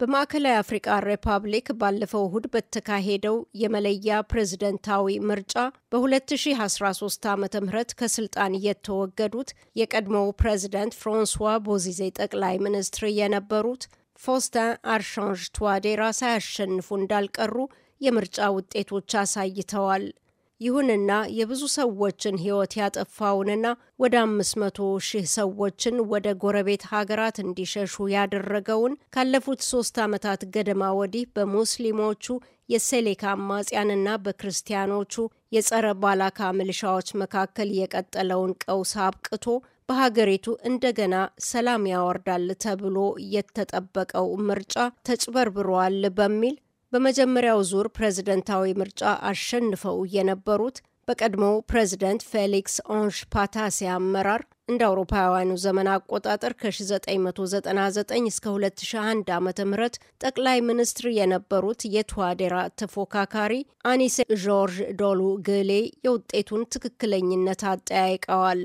በማዕከላዊ አፍሪቃ ሪፐብሊክ ባለፈው እሁድ በተካሄደው የመለያ ፕሬዝደንታዊ ምርጫ በ2013 ዓ ም ከስልጣን የተወገዱት የቀድሞው ፕሬዝደንት ፍራንሷ ቦዚዜ ጠቅላይ ሚኒስትር የነበሩት ፎስተን አርሻንጅ ቱዋዴራ ሳያሸንፉ እንዳልቀሩ የምርጫ ውጤቶች አሳይተዋል። ይሁንና የብዙ ሰዎችን ሕይወት ያጠፋውንና ወደ አምስት መቶ ሺህ ሰዎችን ወደ ጎረቤት ሀገራት እንዲሸሹ ያደረገውን ካለፉት ሶስት ዓመታት ገደማ ወዲህ በሙስሊሞቹ የሴሌካ አማጽያንና በክርስቲያኖቹ የጸረ ባላካ ምልሻዎች መካከል የቀጠለውን ቀውስ አብቅቶ በሀገሪቱ እንደገና ሰላም ያወርዳል ተብሎ የተጠበቀው ምርጫ ተጭበርብሯል በሚል በመጀመሪያው ዙር ፕሬዝደንታዊ ምርጫ አሸንፈው የነበሩት በቀድሞው ፕሬዝደንት ፌሊክስ ኦንሽ ፓታሴ አመራር እንደ አውሮፓውያኑ ዘመን አቆጣጠር ከ1999 እስከ 2001 ዓ ም ጠቅላይ ሚኒስትር የነበሩት የቱዋዴራ ተፎካካሪ አኒሴ ዦርዥ ዶሉ ግሌ የውጤቱን ትክክለኝነት አጠያይቀዋል።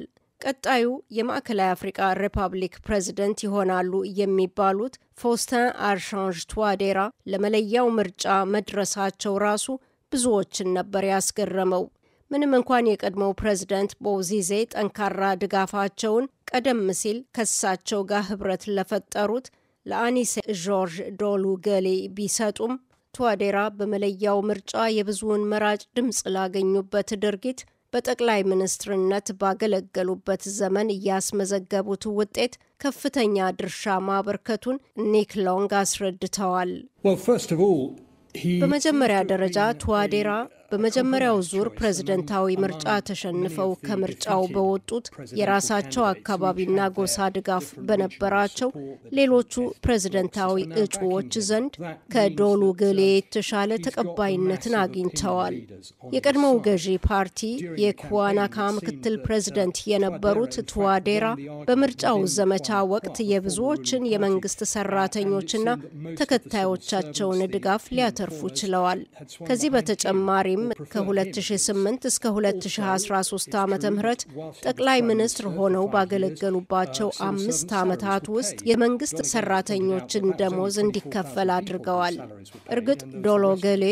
ቀጣዩ የማዕከላዊ አፍሪቃ ሪፐብሊክ ፕሬዝደንት ይሆናሉ የሚባሉት ፎስተን አርሻንጅ ቱዋዴራ ለመለያው ምርጫ መድረሳቸው ራሱ ብዙዎችን ነበር ያስገረመው። ምንም እንኳን የቀድሞው ፕሬዝደንት ቦዚዜ ጠንካራ ድጋፋቸውን ቀደም ሲል ከሳቸው ጋር ህብረት ለፈጠሩት ለአኒሴ ዦርዥ ዶሉ ገሌ ቢሰጡም ቱዋዴራ በመለያው ምርጫ የብዙውን መራጭ ድምፅ ላገኙበት ድርጊት በጠቅላይ ሚኒስትርነት ባገለገሉበት ዘመን እያስመዘገቡት ውጤት ከፍተኛ ድርሻ ማበርከቱን ኒክ ሎንግ አስረድተዋል። በመጀመሪያ ደረጃ ቱዋዴራ በመጀመሪያው ዙር ፕሬዝደንታዊ ምርጫ ተሸንፈው ከምርጫው በወጡት የራሳቸው አካባቢና ጎሳ ድጋፍ በነበራቸው ሌሎቹ ፕሬዝደንታዊ እጩዎች ዘንድ ከዶሉ ግሌ የተሻለ ተቀባይነትን አግኝተዋል። የቀድሞው ገዢ ፓርቲ የኩዋናካ ምክትል ፕሬዝደንት የነበሩት ቱዋዴራ በምርጫው ዘመቻ ወቅት የብዙዎችን የመንግስት ሰራተኞችና ተከታዮቻቸውን ድጋፍ ሊያተርፉ ችለዋል። ከዚህ በተጨማሪም ወይም ከ2008 እስከ 2013 ዓ ም ጠቅላይ ሚኒስትር ሆነው ባገለገሉባቸው አምስት ዓመታት ውስጥ የመንግስት ሰራተኞችን ደሞዝ እንዲከፈል አድርገዋል። እርግጥ ዶሎ ገሌ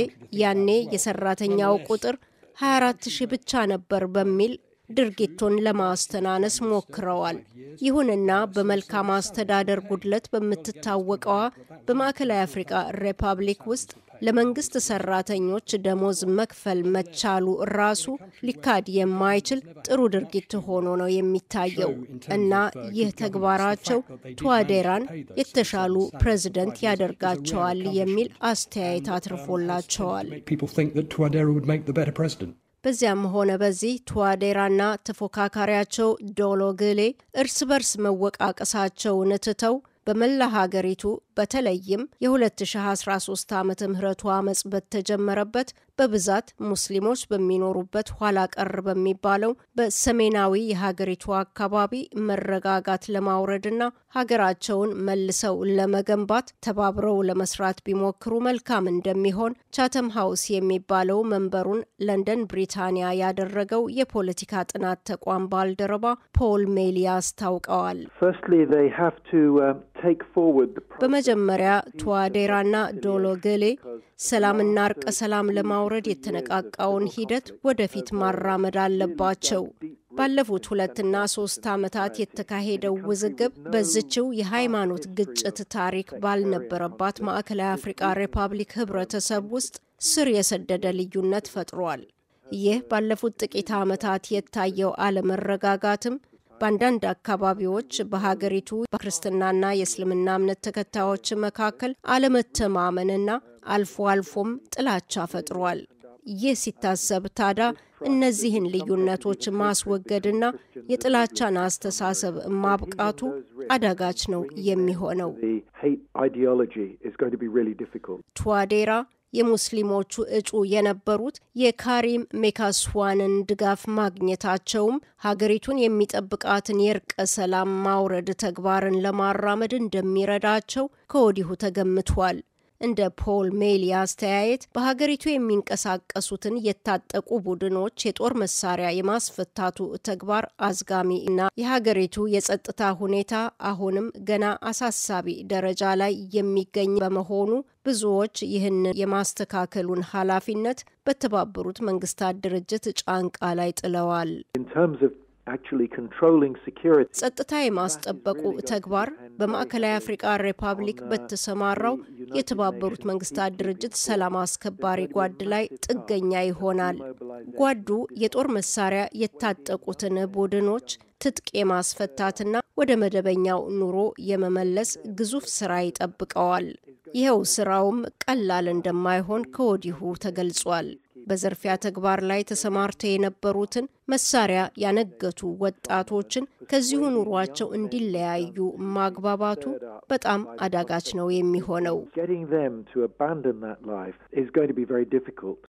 ያኔ የሰራተኛው ቁጥር 24 ሺህ ብቻ ነበር በሚል ድርጊቱን ለማስተናነስ ሞክረዋል። ይሁንና በመልካም አስተዳደር ጉድለት በምትታወቀዋ በማዕከላዊ አፍሪካ ሪፐብሊክ ውስጥ ለመንግስት ሰራተኞች ደሞዝ መክፈል መቻሉ ራሱ ሊካድ የማይችል ጥሩ ድርጊት ሆኖ ነው የሚታየው እና ይህ ተግባራቸው ቱዋዴራን የተሻሉ ፕሬዝደንት ያደርጋቸዋል የሚል አስተያየት አትርፎላቸዋል። በዚያም ሆነ በዚህ ቱዋዴራና ተፎካካሪያቸው ዶሎ ግሌ እርስ በርስ መወቃቀሳቸውን ትተው በመላ ሀገሪቱ በተለይም የ2013 ዓ ምህረቱ አመፅ በተጀመረበት በብዛት ሙስሊሞች በሚኖሩበት ኋላ ቀር በሚባለው በሰሜናዊ የሀገሪቱ አካባቢ መረጋጋት ለማውረድና ሀገራቸውን መልሰው ለመገንባት ተባብረው ለመስራት ቢሞክሩ መልካም እንደሚሆን ቻተም ሀውስ የሚባለው መንበሩን ለንደን ብሪታንያ ያደረገው የፖለቲካ ጥናት ተቋም ባልደረባ ፖል ሜሊ አስታውቀዋል። uh, በመጀመሪያ መጀመሪያ ቱዋዴራና ዶሎ ገሌ ሰላምና እርቀ ሰላም ለማውረድ የተነቃቃውን ሂደት ወደፊት ማራመድ አለባቸው። ባለፉት ሁለትና ሶስት ዓመታት የተካሄደው ውዝግብ በዝችው የሃይማኖት ግጭት ታሪክ ባልነበረባት ማዕከላዊ አፍሪቃ ሪፐብሊክ ህብረተሰብ ውስጥ ስር የሰደደ ልዩነት ፈጥሯል። ይህ ባለፉት ጥቂት ዓመታት የታየው አለመረጋጋትም በአንዳንድ አካባቢዎች በሀገሪቱ በክርስትናና የእስልምና እምነት ተከታዮች መካከል አለመተማመንና አልፎ አልፎም ጥላቻ ፈጥሯል። ይህ ሲታሰብ ታዳ እነዚህን ልዩነቶች ማስወገድና የጥላቻን አስተሳሰብ ማብቃቱ አዳጋች ነው የሚሆነው። ቱዋዴራ የሙስሊሞቹ እጩ የነበሩት የካሪም ሜካስዋንን ድጋፍ ማግኘታቸውም ሀገሪቱን የሚጠብቃትን የእርቀ ሰላም ማውረድ ተግባርን ለማራመድ እንደሚረዳቸው ከወዲሁ ተገምቷል። እንደ ፖል ሜሊ አስተያየት በሀገሪቱ የሚንቀሳቀሱትን የታጠቁ ቡድኖች የጦር መሳሪያ የማስፈታቱ ተግባር አዝጋሚ እና የሀገሪቱ የጸጥታ ሁኔታ አሁንም ገና አሳሳቢ ደረጃ ላይ የሚገኝ በመሆኑ ብዙዎች ይህንን የማስተካከሉን ኃላፊነት በተባበሩት መንግስታት ድርጅት ጫንቃ ላይ ጥለዋል። ጸጥታ የማስጠበቁ ተግባር በማዕከላዊ አፍሪካ ሪፐብሊክ በተሰማራው የተባበሩት መንግስታት ድርጅት ሰላም አስከባሪ ጓድ ላይ ጥገኛ ይሆናል። ጓዱ የጦር መሳሪያ የታጠቁትን ቡድኖች ትጥቅ የማስፈታትና ወደ መደበኛው ኑሮ የመመለስ ግዙፍ ስራ ይጠብቀዋል። ይኸው ስራውም ቀላል እንደማይሆን ከወዲሁ ተገልጿል። በዘርፊያ ተግባር ላይ ተሰማርተው የነበሩትን መሳሪያ ያነገቱ ወጣቶችን ከዚሁ ኑሯቸው እንዲለያዩ ማግባባቱ በጣም አዳጋች ነው የሚሆነው።